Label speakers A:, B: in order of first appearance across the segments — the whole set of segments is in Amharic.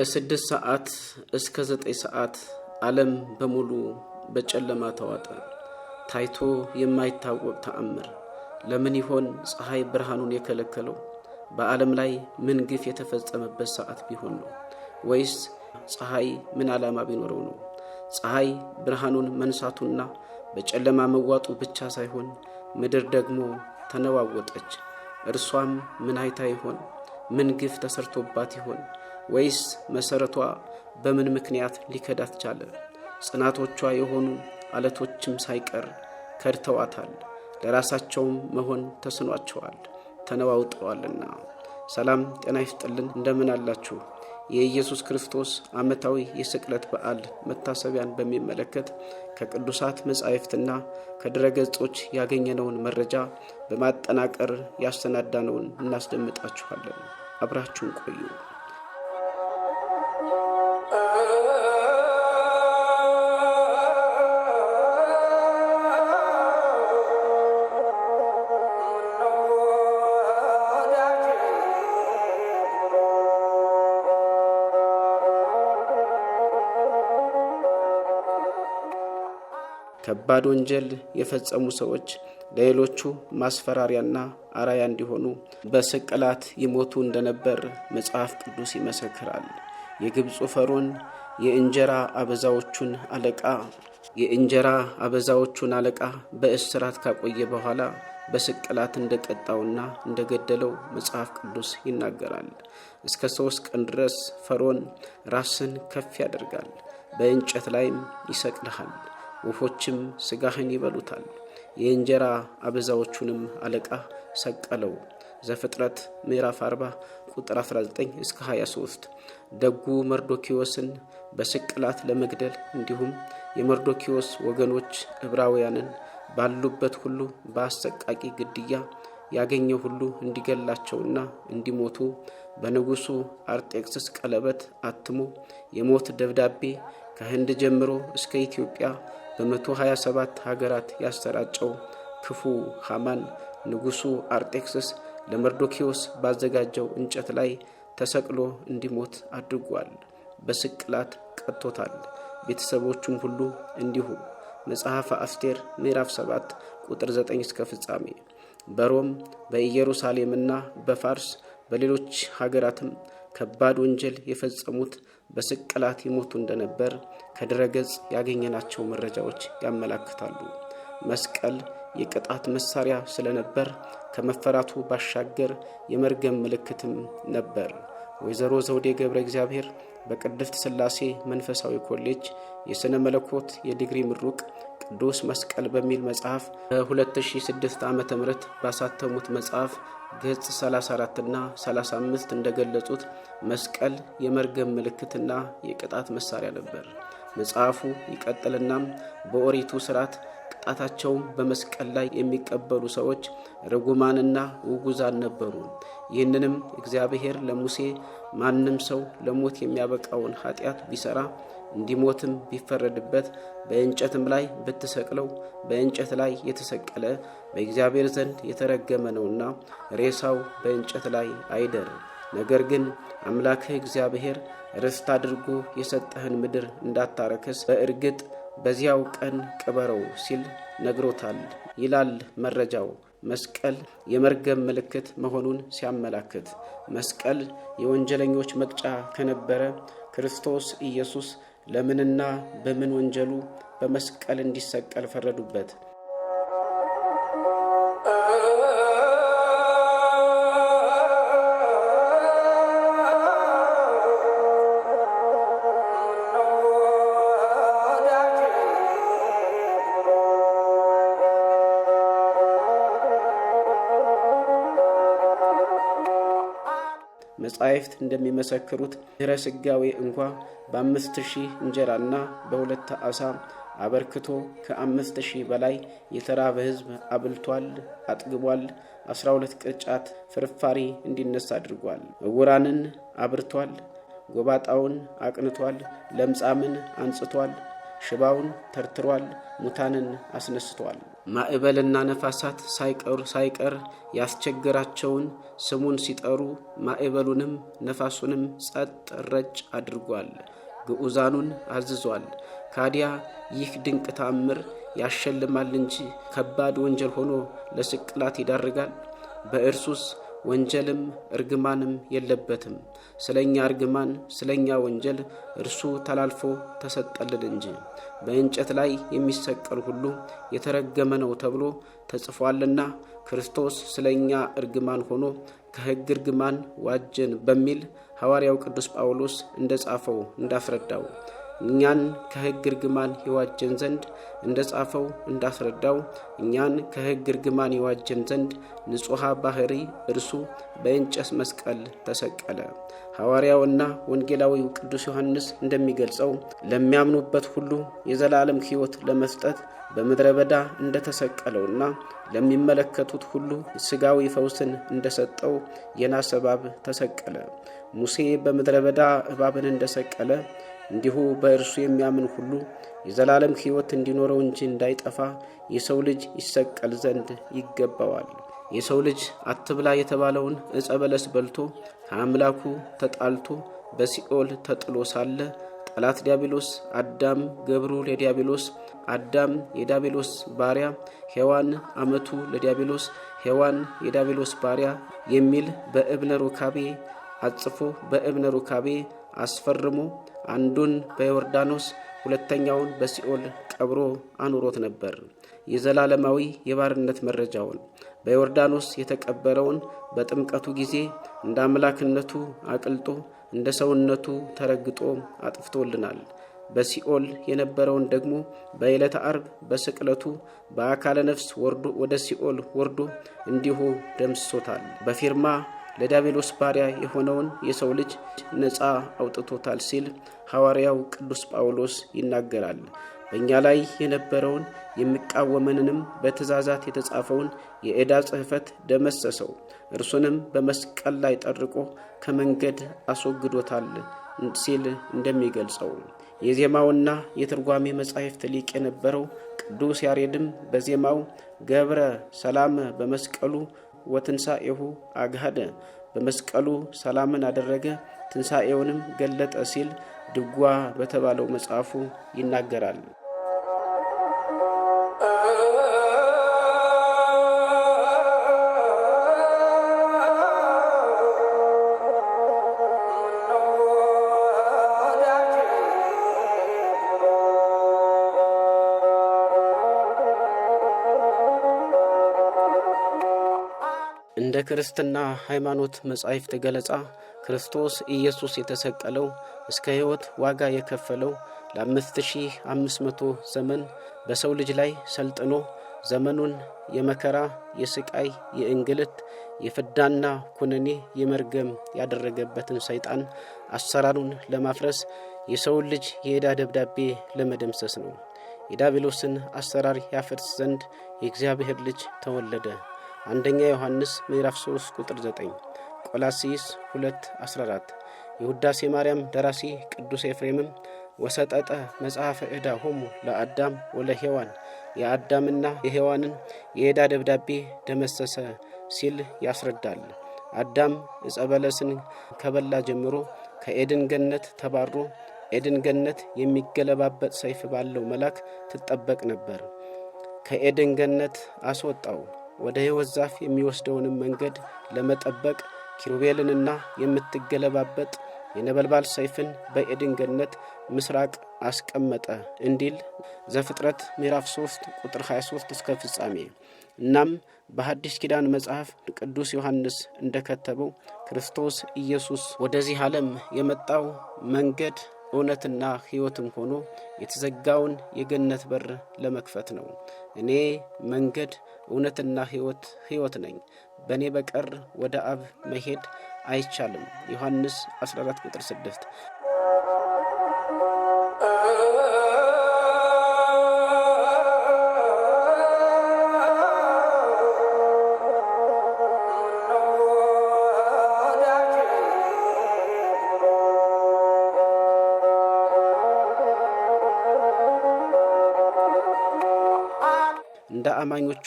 A: ከስድስት ሰዓት እስከ ዘጠኝ ሰዓት ዓለም በሙሉ በጨለማ ተዋጠ። ታይቶ የማይታወቅ ተአምር። ለምን ይሆን ፀሐይ ብርሃኑን የከለከለው? በዓለም ላይ ምን ግፍ የተፈጸመበት ሰዓት ቢሆን ነው? ወይስ ፀሐይ ምን ዓላማ ቢኖረው ነው? ፀሐይ ብርሃኑን መንሳቱና በጨለማ መዋጡ ብቻ ሳይሆን ምድር ደግሞ ተነዋወጠች። እርሷም ምን አይታ ይሆን? ምን ግፍ ተሰርቶባት ይሆን? ወይስ መሰረቷ በምን ምክንያት ሊከዳት ቻለ? ጽናቶቿ የሆኑ አለቶችም ሳይቀር ከድተዋታል። ለራሳቸውም መሆን ተስኗቸዋል፣ ተነዋውጠዋልና። ሰላም ጤና ይስጥልን፣ እንደምን አላችሁ? የኢየሱስ ክርስቶስ ዓመታዊ የስቅለት በዓል መታሰቢያን በሚመለከት ከቅዱሳት መጻሕፍትና ገጾች ያገኘነውን መረጃ በማጠናቀር ያሰናዳነውን እናስደምጣችኋለን። አብራችሁን ቆዩ። ከባድ ወንጀል የፈጸሙ ሰዎች ለሌሎቹ ማስፈራሪያና አራያ እንዲሆኑ በስቅላት ይሞቱ እንደነበር መጽሐፍ ቅዱስ ይመሰክራል። የግብፁ ፈሮን የእንጀራ አበዛዎቹን አለቃ የእንጀራ አበዛዎቹን አለቃ በእስራት ካቆየ በኋላ በስቅላት እንደቀጣውና እንደገደለው መጽሐፍ ቅዱስ ይናገራል። እስከ ሦስት ቀን ድረስ ፈሮን ራስን ከፍ ያደርጋል፣ በእንጨት ላይም ይሰቅልሃል። ወፎችም ስጋህን ይበሉታል። የእንጀራ አበዛዎቹንም አለቃ ሰቀለው። ዘፍጥረት ምዕራፍ 40 ቁጥር 19 እስከ 23 ደጉ መርዶኪዎስን በስቅላት ለመግደል እንዲሁም የመርዶኪዎስ ወገኖች ዕብራውያንን ባሉበት ሁሉ በአሰቃቂ ግድያ ያገኘ ሁሉ እንዲገላቸውና እንዲሞቱ በንጉሡ አርጤክስስ ቀለበት አትሞ የሞት ደብዳቤ ከህንድ ጀምሮ እስከ ኢትዮጵያ በ127 ሀገራት ያሰራጨው ክፉ ሃማን ንጉሡ አርጤክስስ ለመርዶኪዎስ ባዘጋጀው እንጨት ላይ ተሰቅሎ እንዲሞት አድርጓል። በስቅላት ቀጥቶታል። ቤተሰቦቹም ሁሉ እንዲሁ። መጽሐፈ አስቴር ምዕራፍ 7 ቁጥር 9 እስከ ፍጻሜ። በሮም በኢየሩሳሌምና በፋርስ በሌሎች ሀገራትም ከባድ ወንጀል የፈጸሙት በስቅላት ይሞቱ እንደነበር ከድረገጽ ያገኘናቸው መረጃዎች ያመላክታሉ። መስቀል የቅጣት መሳሪያ ስለነበር ከመፈራቱ ባሻገር የመርገም ምልክትም ነበር። ወይዘሮ ዘውዴ ገብረ እግዚአብሔር በቅድስት ሥላሴ መንፈሳዊ ኮሌጅ የሥነ መለኮት የዲግሪ ምሩቅ ቅዱስ መስቀል በሚል መጽሐፍ በ2006 ዓ ም ባሳተሙት መጽሐፍ ገጽ 34 እና 35 እንደገለጹት መስቀል የመርገም ምልክትና የቅጣት መሳሪያ ነበር። መጽሐፉ ይቀጥልናም በኦሪቱ ስርዓት ቅጣታቸውን በመስቀል ላይ የሚቀበሉ ሰዎች ርጉማንና ውጉዛን ነበሩ። ይህንንም እግዚአብሔር ለሙሴ ማንም ሰው ለሞት የሚያበቃውን ኃጢአት ቢሰራ እንዲሞትም ቢፈረድበት በእንጨትም ላይ ብትሰቅለው በእንጨት ላይ የተሰቀለ በእግዚአብሔር ዘንድ የተረገመ ነውና ሬሳው በእንጨት ላይ አይደር። ነገር ግን አምላክህ እግዚአብሔር ርስት አድርጎ የሰጠህን ምድር እንዳታረክስ በእርግጥ በዚያው ቀን ቅበረው ሲል ነግሮታል ይላል መረጃው። መስቀል የመርገም ምልክት መሆኑን ሲያመላክት መስቀል የወንጀለኞች መቅጫ ከነበረ ክርስቶስ ኢየሱስ ለምንና በምን ወንጀሉ በመስቀል እንዲሰቀል ፈረዱበት። መጻሕፍት እንደሚመሰክሩት ድኅረ ሥጋዌ እንኳ በአምስት ሺህ እንጀራና በሁለት ዓሣ አበርክቶ ከአምስት ሺህ በላይ የተራበ ሕዝብ አብልቷል፣ አጥግቧል። አስራ ሁለት ቅርጫት ፍርፋሪ እንዲነሳ አድርጓል። ዕውራንን አብርቷል፣ ጎባጣውን አቅንቷል፣ ለምጻምን አንጽቷል፣ ሽባውን ተርትሯል፣ ሙታንን አስነስቷል። ማዕበልና ነፋሳት ሳይቀር ሳይቀር ያስቸገራቸውን ስሙን ሲጠሩ ማዕበሉንም ነፋሱንም ጸጥ ረጭ አድርጓል፣ ግዑዛኑን አዝዟል። ካዲያ ይህ ድንቅ ተአምር ያሸልማል እንጂ ከባድ ወንጀል ሆኖ ለስቅላት ይዳርጋል። በእርሱስ ወንጀልም እርግማንም የለበትም። ስለኛ እርግማን ስለኛ ወንጀል እርሱ ተላልፎ ተሰጠልን እንጂ በእንጨት ላይ የሚሰቀል ሁሉ የተረገመ ነው ተብሎ ተጽፏልና ክርስቶስ ስለኛ እርግማን ሆኖ ከሕግ እርግማን ዋጀን በሚል ሐዋርያው ቅዱስ ጳውሎስ እንደ ጻፈው እንዳስረዳው እኛን ከሕግ እርግማን ይዋጀን ዘንድ እንደ ጻፈው እንዳስረዳው እኛን ከሕግ እርግማን ይዋጀን ዘንድ ንጹሐ ባህሪ እርሱ በእንጨት መስቀል ተሰቀለ። ሐዋርያውና ወንጌላዊው ቅዱስ ዮሐንስ እንደሚገልጸው ለሚያምኑበት ሁሉ የዘላለም ሕይወት ለመስጠት በምድረ በዳ እንደተሰቀለውና ለሚመለከቱት ሁሉ ሥጋዊ ፈውስን እንደሰጠው የናስ እባብ ተሰቀለ። ሙሴ በምድረ በዳ እባብን እንደሰቀለ እንዲሁ በእርሱ የሚያምን ሁሉ የዘላለም ሕይወት እንዲኖረው እንጂ እንዳይጠፋ የሰው ልጅ ይሰቀል ዘንድ ይገባዋል። የሰው ልጅ አትብላ የተባለውን ዕፀ በለስ በልቶ ከአምላኩ ተጣልቶ በሲኦል ተጥሎ ሳለ ጠላት ዲያብሎስ አዳም ገብሩ ለዲያብሎስ አዳም የዲያብሎስ ባሪያ ሔዋን አመቱ ለዲያብሎስ ሔዋን የዲያብሎስ ባሪያ የሚል በእብነ ሩካቤ አጽፎ በእብነ ሩካቤ አስፈርሞ አንዱን በዮርዳኖስ ሁለተኛውን በሲኦል ቀብሮ አኑሮት ነበር። የዘላለማዊ የባርነት መረጃውን በዮርዳኖስ የተቀበረውን በጥምቀቱ ጊዜ እንደ አምላክነቱ አቅልጦ እንደ ሰውነቱ ተረግጦ አጥፍቶልናል። በሲኦል የነበረውን ደግሞ በዕለተ አርብ በስቅለቱ በአካለ ነፍስ ወርዶ ወደ ሲኦል ወርዶ እንዲሁ ደምስሶታል። በፊርማ ለዲያብሎስ ባሪያ የሆነውን የሰው ልጅ ነፃ አውጥቶታል ሲል ሐዋርያው ቅዱስ ጳውሎስ ይናገራል። በእኛ ላይ የነበረውን የሚቃወመንንም በትእዛዛት የተጻፈውን የዕዳ ጽሕፈት ደመሰሰው፣ እርሱንም በመስቀል ላይ ጠርቆ ከመንገድ አስወግዶታል ሲል እንደሚገልጸው የዜማውና የትርጓሜ መጻሕፍት ሊቅ የነበረው ቅዱስ ያሬድም በዜማው ገብረ ሰላም በመስቀሉ ወትንሣኤሁ አግሃደ በመስቀሉ ሰላምን አደረገ ትንሣኤውንም ገለጠ ሲል ድጓ በተባለው መጽሐፉ ይናገራል። የክርስትና ሃይማኖት መጻሕፍት ገለጻ ክርስቶስ ኢየሱስ የተሰቀለው እስከ ሕይወት ዋጋ የከፈለው ለአምስት ሺህ አምስት መቶ ዘመን በሰው ልጅ ላይ ሰልጥኖ ዘመኑን የመከራ የስቃይ የእንግልት የፍዳና ኩነኔ የመርገም ያደረገበትን ሰይጣን አሰራሩን ለማፍረስ የሰውን ልጅ የዕዳ ደብዳቤ ለመደምሰስ ነው። የዲያብሎስን አሰራር ያፈርስ ዘንድ የእግዚአብሔር ልጅ ተወለደ። አንደኛ ዮሐንስ ምዕራፍ 3 ቁጥር 9፣ ቆላሲስ 2 14። የውዳሴ ማርያም ደራሲ ቅዱስ ኤፍሬምም ወሰጠጠ መጽሐፈ ዕዳ ሆሙ ለአዳም ወለሔዋን የአዳምና የሔዋንን የዕዳ ደብዳቤ ደመሰሰ ሲል ያስረዳል። አዳም እጸበለስን በለስን ከበላ ጀምሮ ከኤድን ገነት ተባሮ ኤድን ገነት የሚገለባበጥ ሰይፍ ባለው መልአክ ትጠበቅ ነበር። ከኤድን ገነት አስወጣው። ወደ ሕይወት ዛፍ የሚወስደውንም መንገድ ለመጠበቅ ኪሩቤልንና የምትገለባበጥ የነበልባል ሰይፍን በኤድን ገነት ምስራቅ አስቀመጠ እንዲል ዘፍጥረት ምዕራፍ 3 ቁጥር 23 እስከ ፍጻሜ። እናም በሐዲስ ኪዳን መጽሐፍ ቅዱስ ዮሐንስ እንደከተበው ክርስቶስ ኢየሱስ ወደዚህ ዓለም የመጣው መንገድ እውነትና ሕይወትም ሆኖ የተዘጋውን የገነት በር ለመክፈት ነው። እኔ መንገድ እውነትና ሕይወት ሕይወት ነኝ፣ በእኔ በቀር ወደ አብ መሄድ አይቻልም። ዮሐንስ 14 ቁጥር 6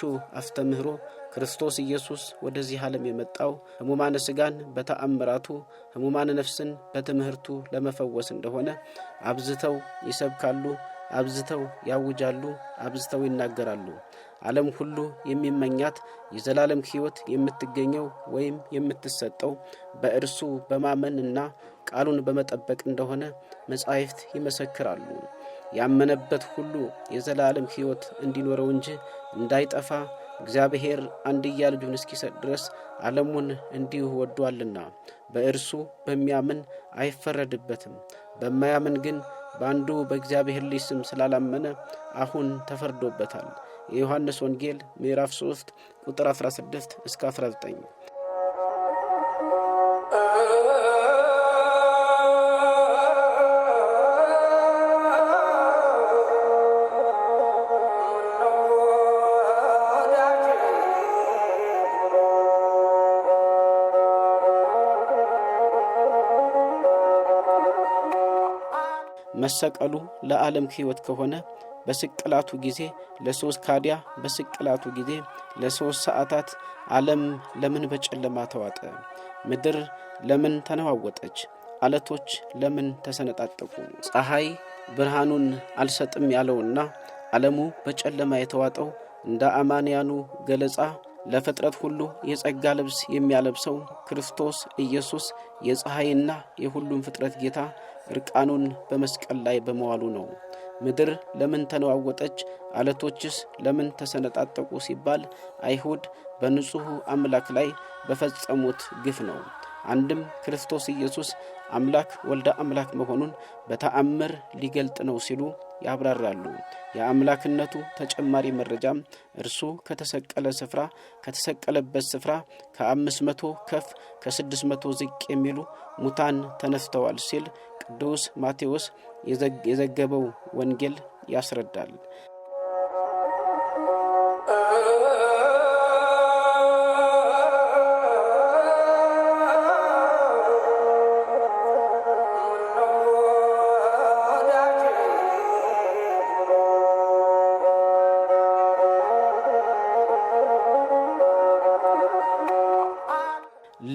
A: በሰጠችው አስተምህሮ ክርስቶስ ኢየሱስ ወደዚህ ዓለም የመጣው ሕሙማነ ሥጋን በተአምራቱ ሕሙማነ ነፍስን በትምህርቱ ለመፈወስ እንደሆነ አብዝተው ይሰብካሉ፣ አብዝተው ያውጃሉ፣ አብዝተው ይናገራሉ። ዓለም ሁሉ የሚመኛት የዘላለም ሕይወት የምትገኘው ወይም የምትሰጠው በእርሱ በማመንና ቃሉን በመጠበቅ እንደሆነ መጻሕፍት ይመሰክራሉ። ያመነበት ሁሉ የዘላለም ሕይወት እንዲኖረው እንጂ እንዳይጠፋ እግዚአብሔር አንድያ ልጁን እስኪሰጥ ድረስ ዓለሙን እንዲሁ ወዷልና። በእርሱ በሚያምን አይፈረድበትም። በማያምን ግን በአንዱ በእግዚአብሔር ልጅ ስም ስላላመነ አሁን ተፈርዶበታል። የዮሐንስ ወንጌል ምዕራፍ 3 ቁጥር 16 እስከ 19 መሰቀሉ ለዓለም ሕይወት ከሆነ በስቅላቱ ጊዜ ለሶስት ካዲያ በስቅላቱ ጊዜ ለሶስት ሰዓታት ዓለም ለምን በጨለማ ተዋጠ? ምድር ለምን ተነዋወጠች? አለቶች ለምን ተሰነጣጠቁ? ፀሐይ ብርሃኑን አልሰጥም ያለውና ዓለሙ በጨለማ የተዋጠው እንደ አማንያኑ ገለጻ ለፍጥረት ሁሉ የጸጋ ልብስ የሚያለብሰው ክርስቶስ ኢየሱስ የፀሐይና የሁሉም ፍጥረት ጌታ እርቃኑን በመስቀል ላይ በመዋሉ ነው። ምድር ለምን ተነዋወጠች? አለቶችስ ለምን ተሰነጣጠቁ? ሲባል አይሁድ በንጹሕ አምላክ ላይ በፈጸሙት ግፍ ነው። አንድም ክርስቶስ ኢየሱስ አምላክ ወልደ አምላክ መሆኑን በተአምር ሊገልጥ ነው ሲሉ ያብራራሉ። የአምላክነቱ ተጨማሪ መረጃም እርሱ ከተሰቀለ ስፍራ ከተሰቀለበት ስፍራ ከአምስት መቶ ከፍ ከስድስት መቶ ዝቅ የሚሉ ሙታን ተነስተዋል ሲል ቅዱስ ማቴዎስ የዘገበው ወንጌል ያስረዳል።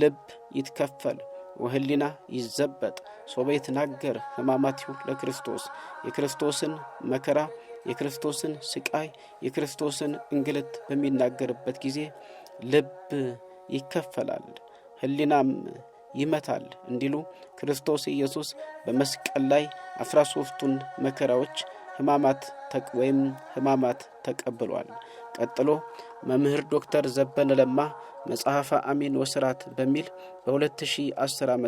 A: ልብ ይትከፈል ወህሊና ይዘበጥ ሶበይ ትናገር ሕማማቲሁ ለክርስቶስ የክርስቶስን መከራ የክርስቶስን ስቃይ የክርስቶስን እንግልት በሚናገርበት ጊዜ ልብ ይከፈላል፣ ህሊናም ይመታል እንዲሉ ክርስቶስ ኢየሱስ በመስቀል ላይ አስራ ሶስቱን መከራዎች ህማማት ወይም ህማማት ተቀብሏል። ቀጥሎ መምህር ዶክተር ዘበነ ለማ መጽሐፈ አሚን ወስራት በሚል በ2010 ዓ ም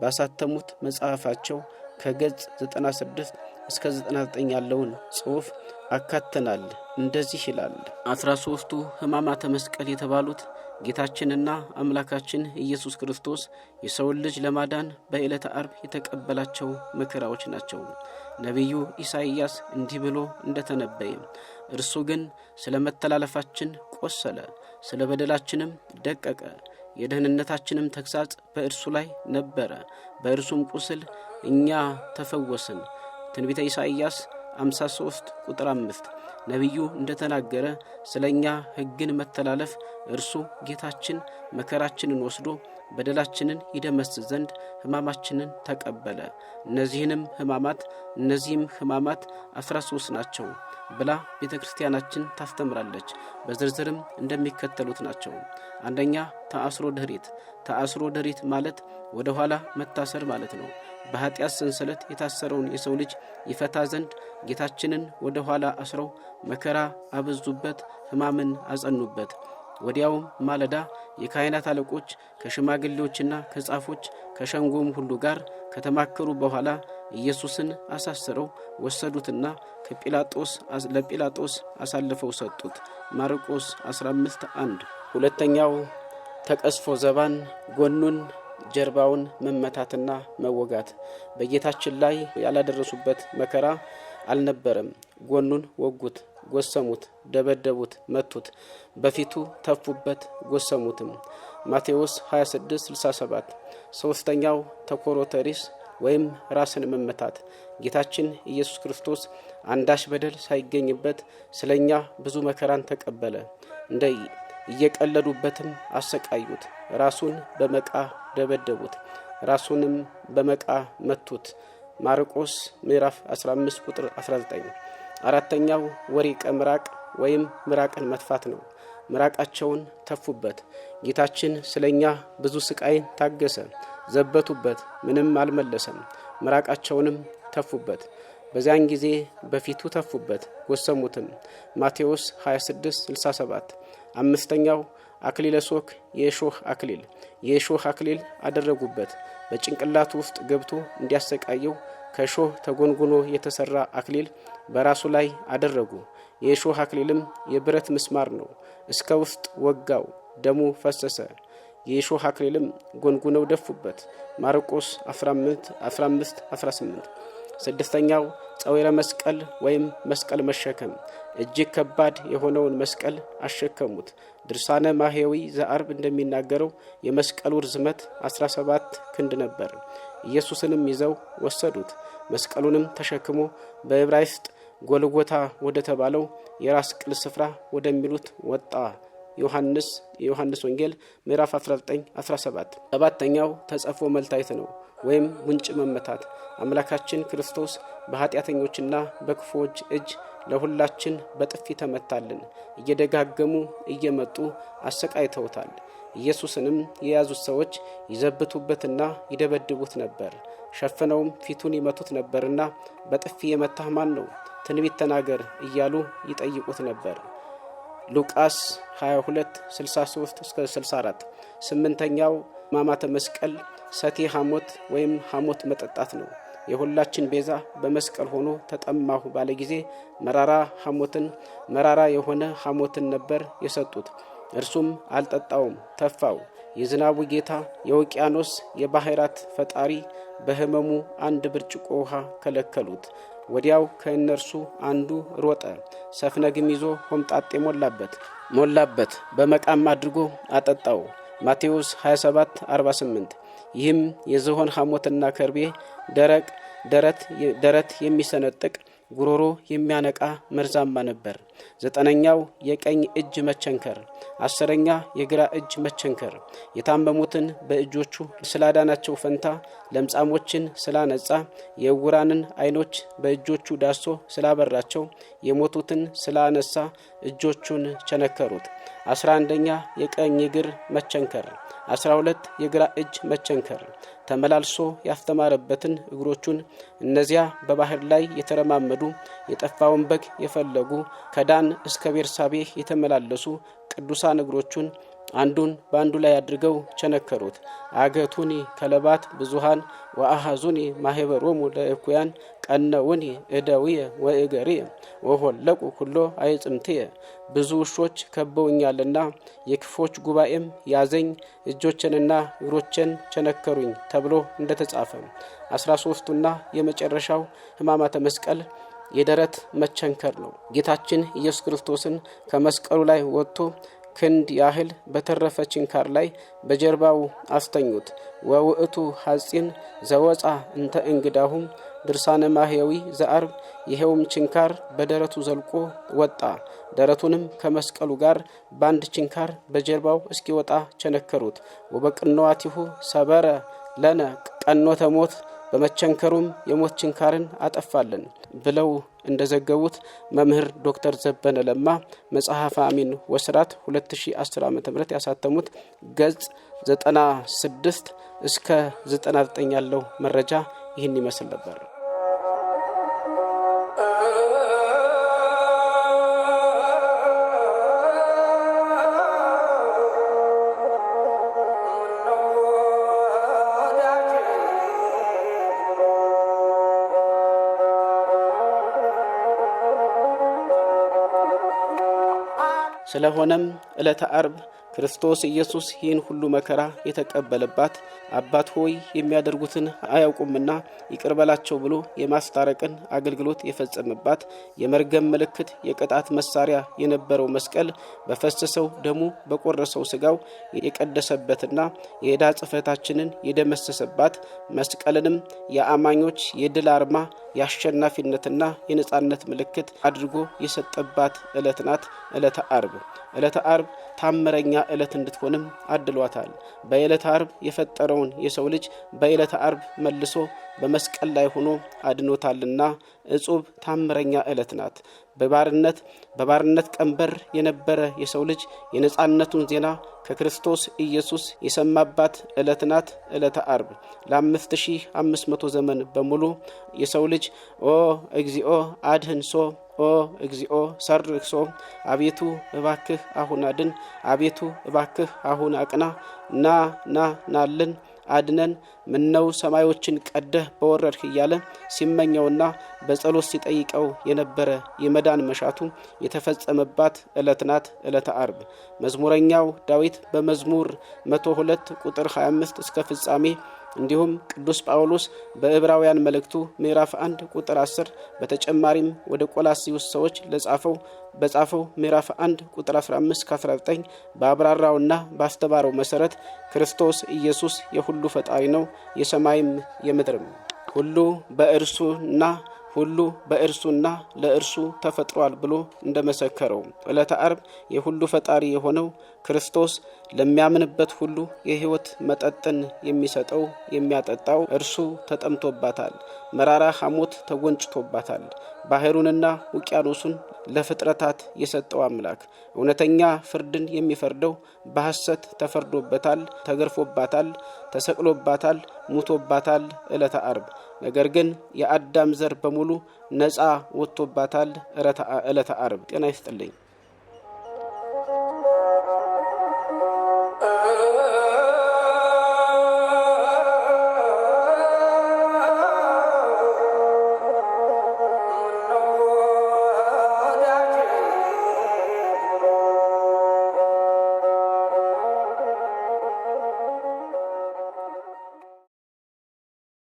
A: ባሳተሙት መጽሐፋቸው ከገጽ 96 እስከ 99 ያለውን ጽሑፍ አካተናል። እንደዚህ ይላል። አስራ ሶስቱ ሕማማተ መስቀል የተባሉት ጌታችንና አምላካችን ኢየሱስ ክርስቶስ የሰውን ልጅ ለማዳን በዕለተ አርብ የተቀበላቸው መከራዎች ናቸው። ነቢዩ ኢሳይያስ እንዲህ ብሎ እንደተነበየ እርሱ ግን ስለ መተላለፋችን ቆሰለ፣ ስለ በደላችንም ደቀቀ። የደህንነታችንም ተግሣጽ በእርሱ ላይ ነበረ፣ በእርሱም ቁስል እኛ ተፈወስን። ትንቢተ ኢሳይያስ 53 ቁጥር 5 ነቢዩ እንደተናገረ ስለ እኛ ሕግን መተላለፍ እርሱ ጌታችን መከራችንን ወስዶ በደላችንን ይደመስስ ዘንድ ሕማማችንን ተቀበለ። እነዚህንም ሕማማት እነዚህም ሕማማት አስራ ሶስት ናቸው ብላ ቤተ ክርስቲያናችን ታስተምራለች። በዝርዝርም እንደሚከተሉት ናቸው። አንደኛ ተአስሮ ድኅሪት። ተአስሮ ድኅሪት ማለት ወደ ኋላ መታሰር ማለት ነው። በኃጢአት ሰንሰለት የታሰረውን የሰው ልጅ ይፈታ ዘንድ ጌታችንን ወደ ኋላ አስረው መከራ አበዙበት፣ ሕማምን አጸኑበት። ወዲያውም ማለዳ የካህናት አለቆች ከሽማግሌዎችና ከጻፎች ከሸንጎም ሁሉ ጋር ከተማከሩ በኋላ ኢየሱስን አሳስረው ወሰዱትና ከጲላጦስ ለጲላጦስ አሳልፈው ሰጡት። ማርቆስ 15 1 ሁለተኛው ተቀስፎ ዘባን ጎኑን ጀርባውን መመታትና መወጋት በጌታችን ላይ ያላደረሱበት መከራ አልነበረም። ጎኑን ወጉት፣ ጎሰሙት፣ ደበደቡት፣ መቱት፣ በፊቱ ተፉበት፣ ጎሰሙትም። ማቴዎስ 2667 ሶስተኛው ተኮሮተሪስ ወይም ራስን መመታት ጌታችን ኢየሱስ ክርስቶስ አንዳች በደል ሳይገኝበት ስለ እኛ ብዙ መከራን ተቀበለ። እንደ እየቀለዱበትም አሰቃዩት። ራሱን በመቃ ደበደቡት፣ ራሱንም በመቃ መቱት። ማርቆስ ምዕራፍ 15 ቁጥር 19 አራተኛው ወሪቀ ምራቅ ወይም ምራቅን መትፋት ነው። ምራቃቸውን ተፉበት። ጌታችን ስለ እኛ ብዙ ስቃይን ታገሰ። ዘበቱበት፣ ምንም አልመለሰም። ምራቃቸውንም ተፉበት። በዚያን ጊዜ በፊቱ ተፉበት፣ ጎሰሙትም። ማቴዎስ 2667 አምስተኛው አክሊለ ሶክ የእሾህ አክሊል የእሾህ አክሊል አደረጉበት። በጭንቅላቱ ውስጥ ገብቶ እንዲያሰቃየው ከእሾህ ተጎንጉኖ የተሰራ አክሊል በራሱ ላይ አደረጉ። የእሾህ አክሊልም የብረት ምስማር ነው፣ እስከ ውስጥ ወጋው፣ ደሙ ፈሰሰ። የእሾህ አክሊልም ጎንጉነው ደፉበት። ማርቆስ 15 18 ስድስተኛው ጸዊረ መስቀል ወይም መስቀል መሸከም እጅግ ከባድ የሆነውን መስቀል አሸከሙት። ድርሳነ ማሄዊ ዘአርብ እንደሚናገረው የመስቀሉ ርዝመት 17 ክንድ ነበር። ኢየሱስንም ይዘው ወሰዱት። መስቀሉንም ተሸክሞ በዕብራይስጥ ጎልጎታ ወደ ተባለው የራስ ቅል ስፍራ ወደሚሉት ወጣ። ዮሐንስ የዮሐንስ ወንጌል ምዕራፍ 19 17 ሰባተኛው ተጸፎ መልታየት ነው ወይም ጉንጭ መመታት። አምላካችን ክርስቶስ በኃጢአተኞችና በክፉዎች እጅ ለሁላችን በጥፊ ተመታልን። እየደጋገሙ እየመጡ አሰቃይተውታል። ኢየሱስንም የያዙት ሰዎች ይዘብቱበትና ይደበድቡት ነበር። ሸፍነውም ፊቱን ይመቱት ነበርና በጥፊ የመታህ ማን ነው? ትንቢት ተናገር እያሉ ይጠይቁት ነበር። ሉቃስ 22 63 እስከ 64 ስምንተኛው ሕማማተ መስቀል ሰቴ ሐሞት ወይም ሐሞት መጠጣት ነው። የሁላችን ቤዛ በመስቀል ሆኖ ተጠማሁ ባለ ጊዜ መራራ ሐሞትን መራራ የሆነ ሐሞትን ነበር የሰጡት። እርሱም አልጠጣውም፣ ተፋው። የዝናቡ ጌታ የውቅያኖስ የባህራት ፈጣሪ በህመሙ አንድ ብርጭቆ ውሃ ከለከሉት። ወዲያው ከእነርሱ አንዱ ሮጠ፣ ሰፍነግም ይዞ ሆምጣጤ ሞላበት ሞላበት በመቃም አድርጎ አጠጣው። ማቴዎስ 27 48 ይህም የዝሆን ሐሞትና ከርቤ ደረቅ ደረት ደረት የሚሰነጥቅ ጉሮሮ የሚያነቃ መርዛማ ነበር። ዘጠነኛው የቀኝ እጅ መቸንከር አስረኛ የግራ እጅ መቸንከር የታመሙትን በእጆቹ ስላዳናቸው ፈንታ ለምጻሞችን ስላነጻ የውራንን አይኖች በእጆቹ ዳሶ ስላበራቸው የሞቱትን ስላነሳ እጆቹን ቸነከሩት። አስራ አንደኛ የቀኝ እግር መቸንከር አስራ ሁለት የግራ እጅ መቸንከር ተመላልሶ ያስተማረበትን እግሮቹን እነዚያ በባህር ላይ የተረማመዱ የጠፋውን በግ የፈለጉ ከዳን እስከ ቤርሳቤህ የተመላለሱ ቅዱሳን እግሮቹን አንዱን በአንዱ ላይ አድርገው ቸነከሩት። አገቱኒ ከለባት ብዙሃን ወአሃዙኒ ማህበሮሙ ለእኩያን ቀነውኒ እደውየ ወእገርየ ወሆለቁ ሁሎ አይጽምትየ። ብዙ ውሾች ከበውኛልና የክፎች ጉባኤም ያዘኝ፣ እጆችንና እግሮችን ቸነከሩኝ ተብሎ እንደተጻፈ አስራ ሶስቱና የመጨረሻው ህማማተ መስቀል የደረት መቸንከር ነው። ጌታችን ኢየሱስ ክርስቶስን ከመስቀሉ ላይ ወጥቶ ክንድ ያህል በተረፈ ችንካር ላይ በጀርባው አስተኙት። ወውእቱ ሐጺን ዘወፃ እንተ እንግዳሁም ድርሳነ ማህያዊ ዘአርብ። ይኸውም ችንካር በደረቱ ዘልቆ ወጣ። ደረቱንም ከመስቀሉ ጋር በአንድ ችንካር በጀርባው እስኪወጣ ቸነከሩት። ወበቅንዋቲሁ ሰበረ ለነ ቀኖተ ሞት በመቸንከሩም የሞት ችንካርን አጠፋልን ብለው እንደዘገቡት መምህር ዶክተር ዘበነ ለማ መጽሐፈ አሚን ወስራት 2010 ዓ ም ያሳተሙት ገጽ 96 እስከ 99 ያለው መረጃ ይህን ይመስል ነበር። ስለሆነም ዕለተ አርብ ክርስቶስ ኢየሱስ ይህን ሁሉ መከራ የተቀበለባት አባት ሆይ የሚያደርጉትን አያውቁምና ይቅር በላቸው ብሎ የማስታረቅን አገልግሎት የፈጸመባት የመርገም ምልክት የቅጣት መሳሪያ የነበረው መስቀል በፈሰሰው ደሙ በቆረሰው ስጋው የቀደሰበትና የዕዳ ጽፈታችንን የደመሰሰባት መስቀልንም የአማኞች የድል አርማ የአሸናፊነትና የነጻነት ምልክት አድርጎ የሰጠባት ዕለት ናት ዕለተ አርብ። ዕለተ አርብ ታምረኛ ዕለት እንድትሆንም አድሏታል። በዕለተ አርብ የፈጠረውን የሰው ልጅ በዕለተ አርብ መልሶ በመስቀል ላይ ሆኖ አድኖታልና እጹብ ታምረኛ ዕለት ናት። በባርነት በባርነት ቀንበር የነበረ የሰው ልጅ የነጻነቱን ዜና ከክርስቶስ ኢየሱስ የሰማባት ዕለት ናት። ዕለተ አርብ ለ5500 ዘመን በሙሉ የሰው ልጅ ኦ እግዚኦ አድህንሶ ኦ እግዚኦ ሰርክሶ አቤቱ እባክህ አሁን አድን፣ አቤቱ እባክህ አሁን አቅና፣ ና ና ናልን አድነን፣ ምነው ሰማዮችን ቀደህ በወረድህ እያለ ሲመኘውና በጸሎት ሲጠይቀው የነበረ የመዳን መሻቱ የተፈጸመባት ዕለት ናት ዕለተ አርብ። መዝሙረኛው ዳዊት በመዝሙር 102 ቁጥር 25 እስከ ፍጻሜ እንዲሁም ቅዱስ ጳውሎስ በዕብራውያን መልእክቱ ምዕራፍ 1 ቁጥር 10 በተጨማሪም ወደ ቆላስዩስ ሰዎች ለጻፈው በጻፈው ምዕራፍ 1 ቁጥር 15 19 በአብራራውና ባስተማረው መሠረት ክርስቶስ ኢየሱስ የሁሉ ፈጣሪ ነው፣ የሰማይም የምድርም ሁሉ በእርሱና ሁሉ በእርሱና ለእርሱ ተፈጥሯል ብሎ እንደመሰከረው ዕለተ አርብ የሁሉ ፈጣሪ የሆነው ክርስቶስ ለሚያምንበት ሁሉ የሕይወት መጠጥን የሚሰጠው የሚያጠጣው እርሱ ተጠምቶባታል፣ መራራ ሐሞት ተጎንጭቶባታል። ባህሩንና ውቅያኖሱን ለፍጥረታት የሰጠው አምላክ እውነተኛ ፍርድን የሚፈርደው በሐሰት ተፈርዶበታል፣ ተገርፎባታል፣ ተሰቅሎባታል፣ ሙቶባታል ዕለተ አርብ። ነገር ግን የአዳም ዘር በሙሉ ነፃ ወጥቶባታል ዕለተ አርብ። ጤና ይስጥልኝ።